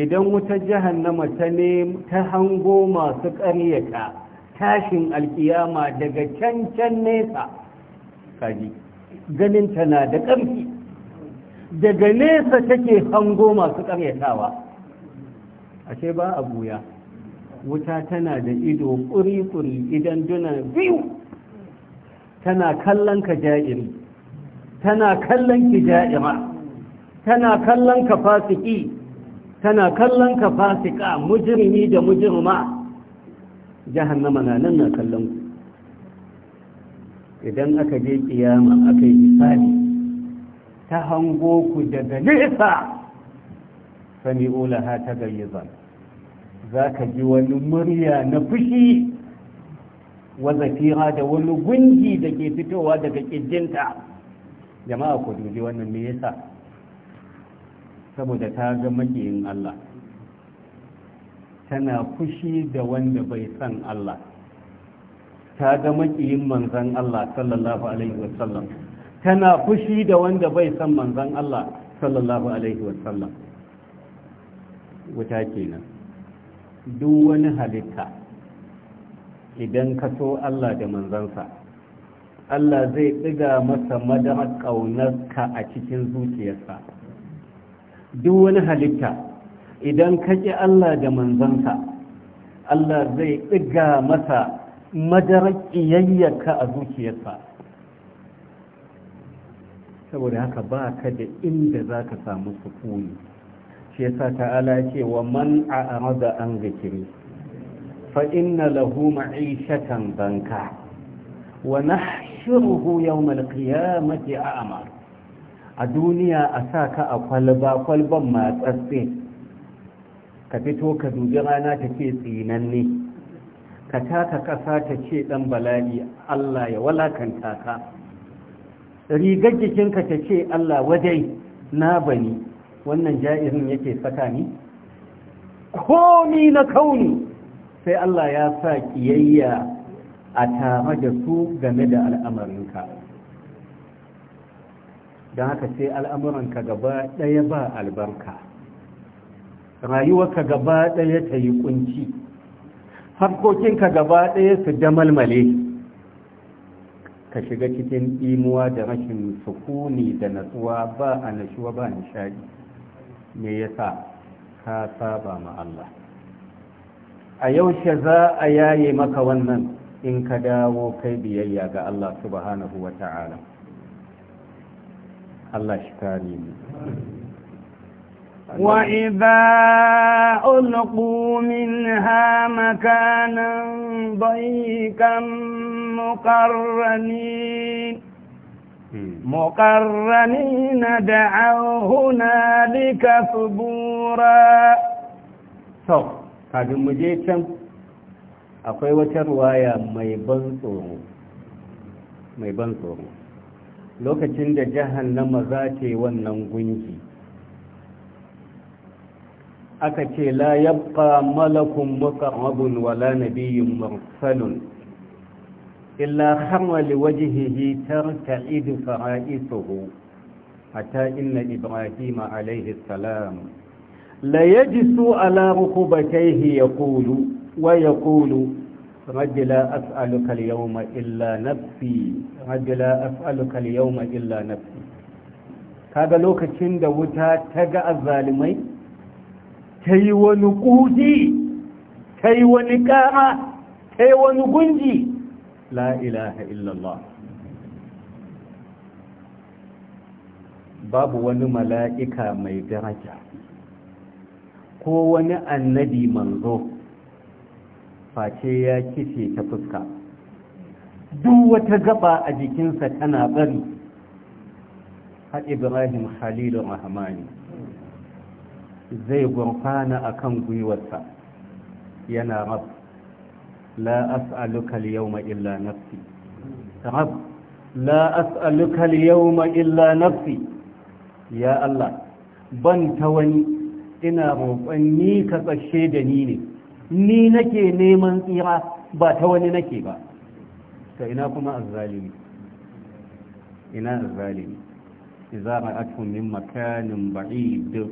idan wuta jahannama ta ne ta hango masu ƙaryata tashin alkiyama daga can can nesa kaji ganin tana da ƙarfi daga nesa take hango masu ƙaryatawa ashe ba a buya wuta tana da ido kuri-kuri idan duna biyu tana kallon ka ja'iri tana kallon ki ja'ira tana kallon ka fasiki tana kallon ka fasika mujirmi da mujirma jahannama na nan na kallon ku idan aka je kiyama aka yi hisabi ta hango ku daga nesa sami'u ta tagayyuzan za ka ji wani murya na fushi wa zafira da wani gungi da ke fitowa daga ƙirjinta jama'a ku dubi wannan me yasa saboda ta ga makiyin Allah tana fushi da wanda bai san Allah ta ga makiyin manzan Allah sallallahu alaihi wasallam tana fushi da wanda bai san manzan Allah sallallahu alaihi wasallam wuta kenan duk wani halitta idan ka so Allah da manzansa Allah zai ɗiga masa madara ƙaunarka a cikin zuciyarsa duk wani halitta idan ka ƙi Allah da manzansa Allah zai ɗiga masa madarar ƙiyayyarka a zuciyarsa saboda haka ba ka da inda za ka samu sukuni shi yasa ta'ala ce wa man a'rada an zikiri fa inna lahu ma'ishatan banka wa nahshuruhu yawm al-qiyamati a'ma a duniya a sa ka a kwalba kwalban matsatse ka fito ka dubi rana ta ce tsinanne ka taka ƙasa ta ce ɗan bala'i Allah ya walakanta ka rigar jikinka ta ce Allah wadai na bani wannan ja'irin yake saka ni komi na kauni sai Allah ya sa kiyayya a tare da su game da al'amarinka don haka sai al'amuranka gaba ɗaya ba albarka rayuwarka gaba ɗaya ta yi kunci harkokinka gaba ɗaya su damalmale ka shiga cikin imuwa da rashin sukuni da natsuwa ba a nashuwa ba nishadi me yasa ka saba ma Allah a yaushe za a yaye maka wannan in ka dawo kai biyayya ga Allah subhanahu wa ta'ala Allah shi kare mu وإذا ألقوا منها مكانا ضيقا مقرنين مقرنين دعوا هنالك ثبورا to kafin mu je can akwai wata ruwaya mai ban tsoro mai ban tsoro lokacin da jahannama za ce wannan gunki aka ce la yabqa malakun muqarrabun wala nabiyyun mursalun illa kharra liwajhihi tarta'idu fara'isuhu hatta inna ibrahima alayhi salam la yajisu ala rukubatayhi yaqulu wa لا أسألك اليوم إلا نفسي رب لا أسألك اليوم إلا نفسي kaga lokacin da wuta ta ga azalimai ta yi wani ƙuji ta yi wani ƙara ta yi wani gunji la ilaha illallah babu wani mala'ika mai daraja ko wani annabi manzo face ya kife ta fuska duk wata gaba a jikinsa tana bari ha ibrahim halilu rahmani zai gurfana akan gwiwarsa yana rabu لا أسألك اليوم إلا نفسي رب لا أسألك اليوم إلا نفسي يا الله بنت إنا روبني كتشي دنيني ni nake neman tsira ba ta wani nake ba ta ina kuma azzalimi ina azzalimi idza ra'atuhum min makanin ba'id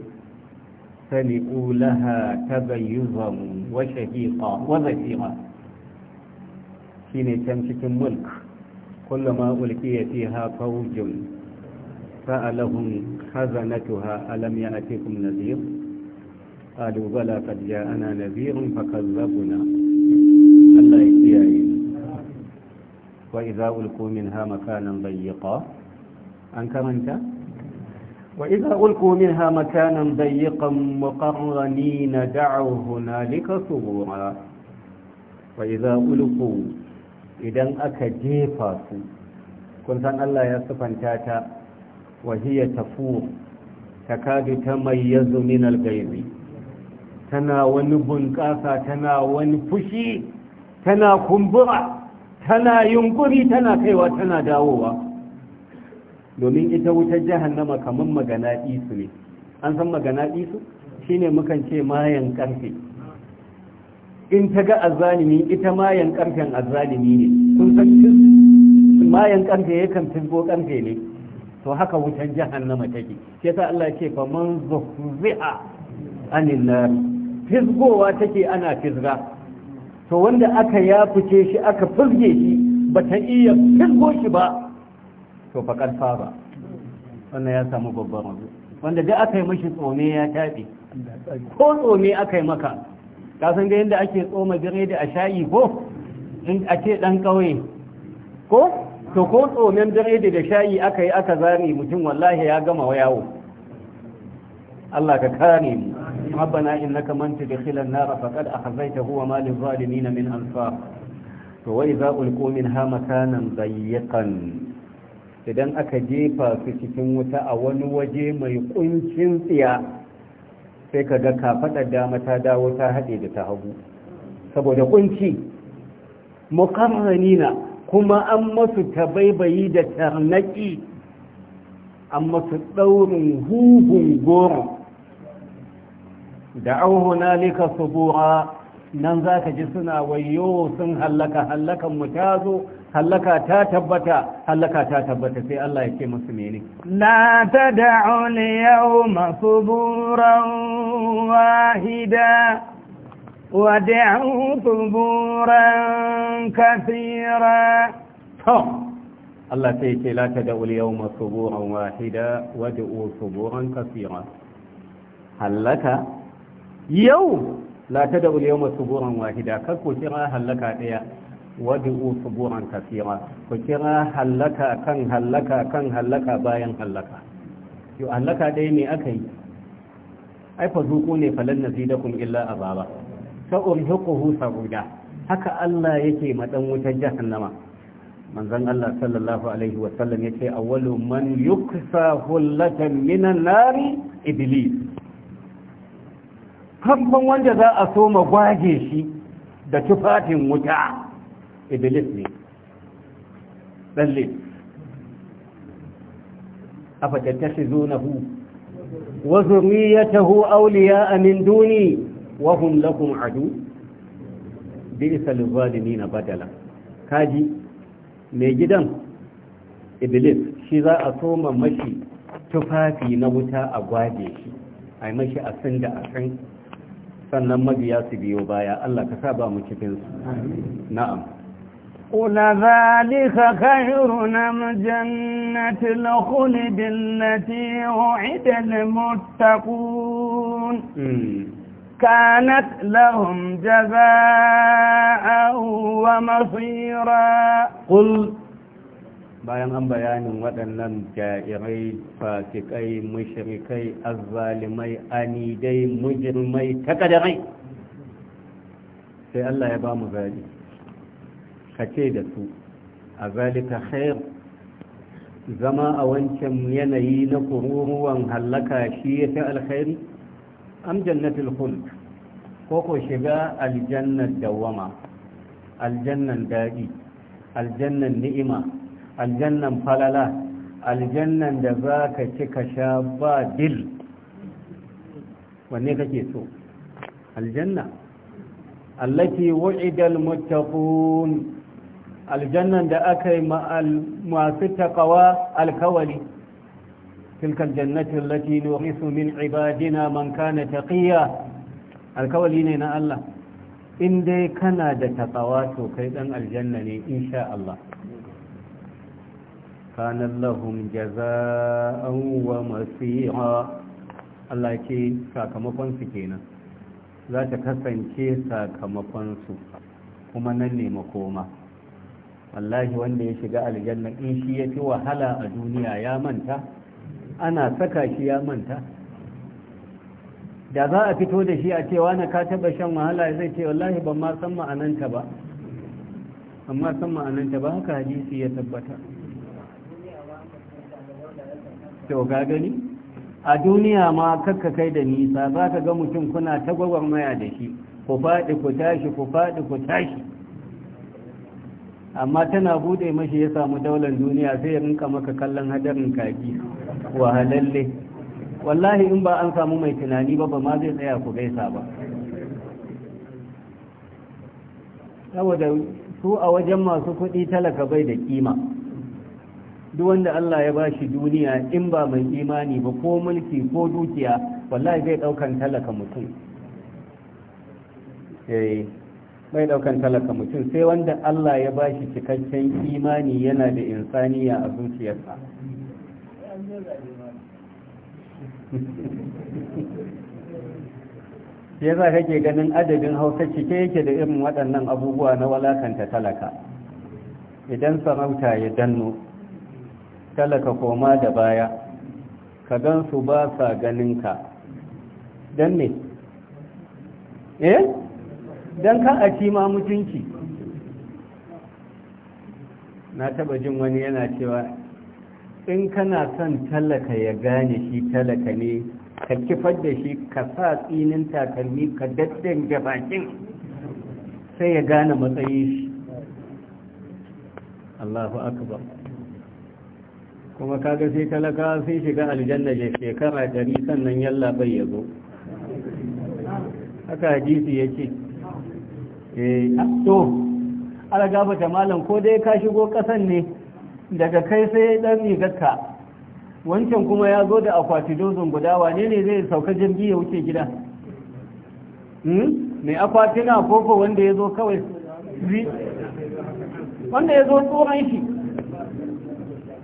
sami'u laha tabayyuzan wa shine can cikin mulk kullama ulqiya fiha fawjun na tuha alam ya ya'tikum nadhir qalu bala qad ja'ana nadhirun fakazzabna Allah ya kiyaye wa idza min minha makanan dayyiqa an karanta wa idza ulqu minha makanan dayyiqan muqarranina Na hunalika subura wa idza ulqu idan aka jefa su kun san Allah ya sifanta ta wahiya tafu takadu tamayyazu min al-ghaybi tana wani bunƙasa tana wani fushi tana kumbura tana yunkuri tana kaiwa tana dawowa domin ita wutar jahannama kamar magana isu ne an san magana isu shine mukan ce mayan ƙarfe. in ta ga azalimi ita mayan karfen azalimi ne kun san mayan karfe yakan tibbo karfe ne to haka wutan jahannama take shi yasa Allah yake ce fa man zuhzi'a anin nar fizgowa take ana fizga to wanda aka ya fice shi aka fizge shi ba ta iya fizgo shi ba to fa karfa ba wannan ya samu babban abu wanda duk aka yi mishi tsome ya tafi ko tsome aka yi maka ka san ga yadda ake tsoma biredi a shayi ko in a ce dan kauye ko to ko tsomen biredi da shayi aka yi aka zare mutum wallahi ya gama yawo Allah ka kare mu ربنا إنك من تدخل nina min أخذيته to للظالمين za a وإذا min منها makanan ضيقا idan aka jefa su cikin wuta a wani waje mai kuncin tsiya sai ka ga kafaɗar dama ta dawo ta haɗe da ta hagu saboda ƙunci mukamanina kuma an masu tabaibayi da tarnaki an masu ɗaurin hugun goro da an hunalika subura nan za ka ji suna wayo sun hallaka hallakan mu ta zo hallaka ta tabbata hallaka ta tabbata sai Allah ya ce musu mene la tad'u al-yawma suburan wahida wad'u suburan kathira to Allah sai ya ce la tad'u al-yawma suburan wahida wad'u suburan kathira hallaka yau la tad'u al-yawma suburan wahida kar ku kira hallaka daya wad'u suburan kasira ku kira halaka kan halaka kan halaka bayan halaka yo halaka dai me akai ai fa zuku ne falan nazidakum illa azaba sa husa guda. haka Allah yake madan wutar jahannama manzon Allah sallallahu alaihi wa sallam yace awwalu man yuksa hullatan minan nari iblis farkon wanda za a so magwaje shi da tufafin wuta iblis ne ɗanlin afa fatatta zo wa zurriyatahu awliya min duni wa hum lakum adu bi isal badala kaji mai gidan iblis shi za a soma mashi tufafi na wuta a gwaje shi a mashi a san da a sannan mabiya su biyo baya Allah ka sa ba mu cikinsu na'am قل ذلك خير أم جنة الخلد التي وعد المتقون كانت لهم جزاء ومصيرا قل bayan an bayanin waɗannan jairai fasikai mushrikai azzalimai anidai mujirmai takadarai sai Allah ya ba mu zaɓi ka ce da su a zalika khair zama a wancan yanayi na kururuwan hallaka shi ya fi alkhairi am jannatul khuld ko ko shiga aljannar dawama aljannan daɗi aljannan ni'ima aljannan falala aljannan da za ka ci ka sha ba dil wanne kake so aljanna allati wu'ida almuttaqun aljannan da aka yi masu takawa alkawali tilkal jannatin lati nurisu min ibadina man kana taqiya alkawali ne na Allah in dai kana da takawa to kai ɗan aljanna ne insha Allah kana lahum jaza'an wa masira Allah ke sakamakonsu kenan za ta kasance sakamakonsu, kuma nan ne makoma wallahi wanda ya shiga aljanna in shi ya fi wahala a duniya ya manta ana saka shi ya manta da za a fito da shi a cewa na ka taba shan wahala zai ce wallahi ban ma san ma'ananta ba amma san ma'ananta ba haka hadisi ya tabbata to ga gani a duniya ma kakka kai da nisa za ka ga mutum kuna ta gwagwarmaya da shi ku faɗi ku tashi ku faɗi ku tashi amma tana bude mashi ya samu daular duniya sai ya rinka maka kallon hadarin kaki wahalalle wallahi in ba an samu mai tunani ba ba ma zai tsaya ku gaisa ba saboda su a wajen masu kuɗi talaka bai da kima duk wanda Allah ya ba shi duniya in ba mai imani ba ko mulki ko dukiya wallahi zai ɗaukan talaka mutum eh. bai daukan talaka mutum sai wanda Allah ya ba shi cikakken imani yana da insaniya a zuciyarsa ya za kake ganin adadin hausa cike yake da irin waɗannan abubuwa na walakanta talaka idan sarauta ya danno talaka koma da baya ka gan su ba sa ganinka don ne eh don ka a ma mutunci na taba jin wani yana cewa in kana son talaka ya gane shi talaka ne ka kifar da shi ka sa tsinin takalmi ka daddan bakin sai ya gane matsayin shi Allahu akbar kuma kaga sai talaka sai shiga aljanna je shekara dari sannan yalla bai yazo haka hadisi ce. eh to ala gaba ta malam ko dai ka shigo kasan ne daga kai sai dan rigarka wancan kuma ya zo da akwati dozon guda wane ne zai sauka jirgi ya wuce gida mai akwatina koko wanda ya zo kawai wanda ya zo tsoron shi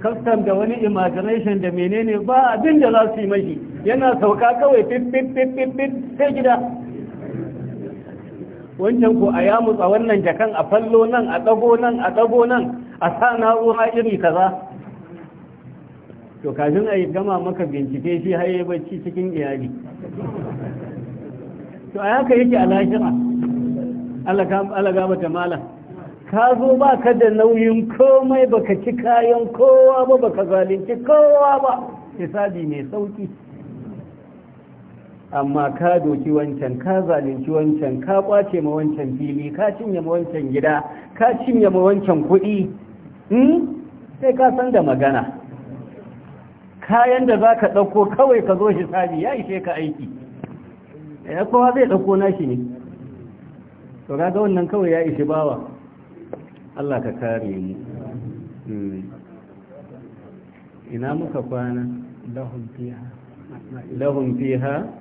custom da wani imagination da menene ba abin da za su yi mashi yana sauka kawai fit fit fit fit sai gida wancan ko a yamutsa wannan jakan a fallo nan a ɗago nan a ɗago nan a sa na'ura iri kaza to kafin a yi gama maka bincike shi haye bacci cikin iyali to a yaka yake a lahira alaga ta mala ka zo ba ka da nauyin komai baka ci kayan kowa ba baka zalunci kowa ba hisabi mai sauki amma ka doki wancan ka zalunci wancan ka kwace ma wancan fili ka cinye ma wancan gida ka cinye ma wancan kuɗi hmm? sai ka san da magana kayan da za ka ɗauko kawai ka zo hisabi ya ishe ka aiki ya eh, kowa zai ɗauko nashi ne to ga wannan kawai ya ishe bawa Allah ka kare mu hmm. ina muka kwana lahun fiha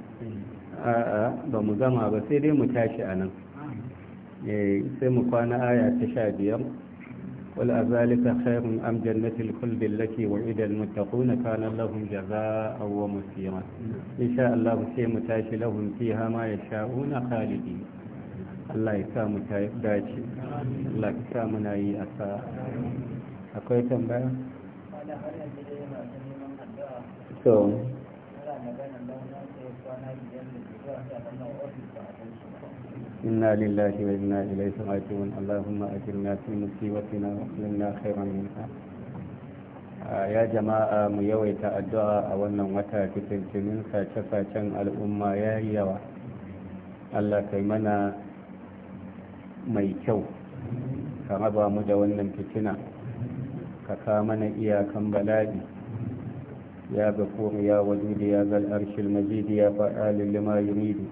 a'a ba mu zama ba sai dai mu tashi a nan eh, sai mu kwana aya ta sha biyar wal azalika khairun am jannatil khuldi allati wa'ida al muttaquna kana lahum jazaa'an wa musira insha Allah sai mu tashi lahum fiha ma yasha'una khalidi Allah ya sa mu dace Allah ya sa muna yi asa. akwai tambaya to إنا لله وإنا إليه راجعون اللهم أجرنا في مصيبتنا وأجرنا خيرا منها ya jama'a mu yawaita addu'a a wannan wata fitintinin sace-sacen al'umma ya yi yawa allah kai mana mai kyau ka raba mu da wannan fitina ka ka mana iyakan bala'i ya ga ya wajudu ya gal arshil majidi ya faɗa lima yuridu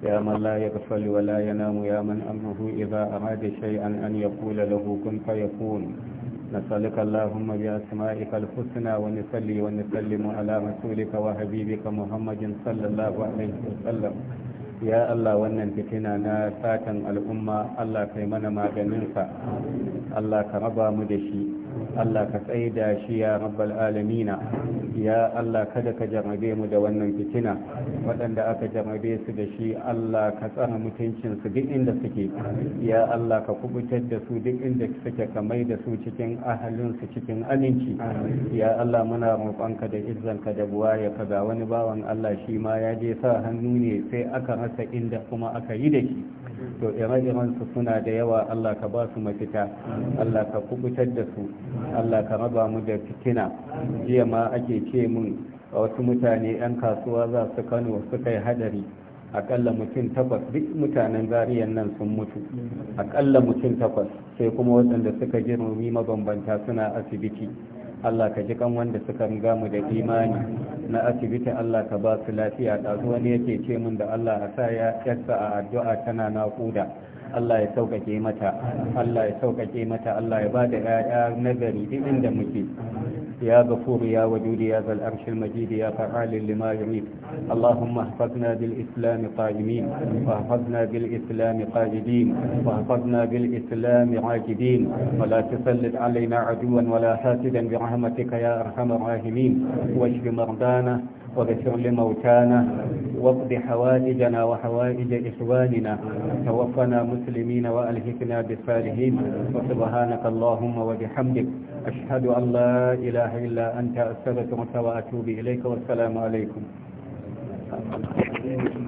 يا من لا يغفل ولا ينام يا من أمره إذا أراد شيئا أن يقول له كن فيكون نسألك اللهم بأسمائك الحسنى ونصلي ونسلم على رسولك وحبيبك محمد صلى الله عليه وسلم ya Allah wannan fitina na satan al'umma Allah kai mana maganinsa Allah ka raba mu da shi Allah ka tsaida shi ya rabbal alamina ya Allah kada ka jarrabe mu da wannan fitina waɗanda aka jarrabe su da shi Allah ka tsara mutuncin su duk inda suke ya Allah ka kubutar da su duk inda suke ka mai da su cikin ahalin su cikin aminci ya Allah muna roƙonka da ka da buwaye ka ga wani bawan Allah shi ma ya je sa hannu ne sai aka rasa inda kuma aka yi da shi to ire-iren su suna da yawa Allah ka ba su mafita Allah ka kubutar da su Allah ka raba mu da fitina jiya ma ake ce mun wasu mutane 'yan kasuwa za su kano su kai hadari akalla mutum takwas duk mutanen zariyan nan sun mutu akalla mutum takwas sai kuma waɗanda suka je rumi mabambanta suna asibiti Allah ka ji kan wanda suka riga mu da imani na asibiti Allah ka ba su lafiya ɗazu wani yake ce mun da Allah a sa ya yarsa a addu'a tana naƙuda الله يسوق sauƙaƙe الله يسوق ya الله mata Allah ya ba da ƴaƴa يا غفور يا ودود يا ذا الأرش المجيد يا فعال لما يريد اللهم احفظنا بالإسلام قائمين واحفظنا بالإسلام قاجدين واحفظنا بالإسلام عاجدين ولا تسلط علينا عدوا ولا حاسدا برحمتك يا أرحم الراحمين واشف مرضانا واغفر لموتانا واقض حوائجنا وحوائج إخواننا توفنا مسلمين وألهكنا بالصالحين وسبحانك اللهم وبحمدك أشهد أن لا إله إلا أنت أستغفرك وأتوب إليك والسلام عليكم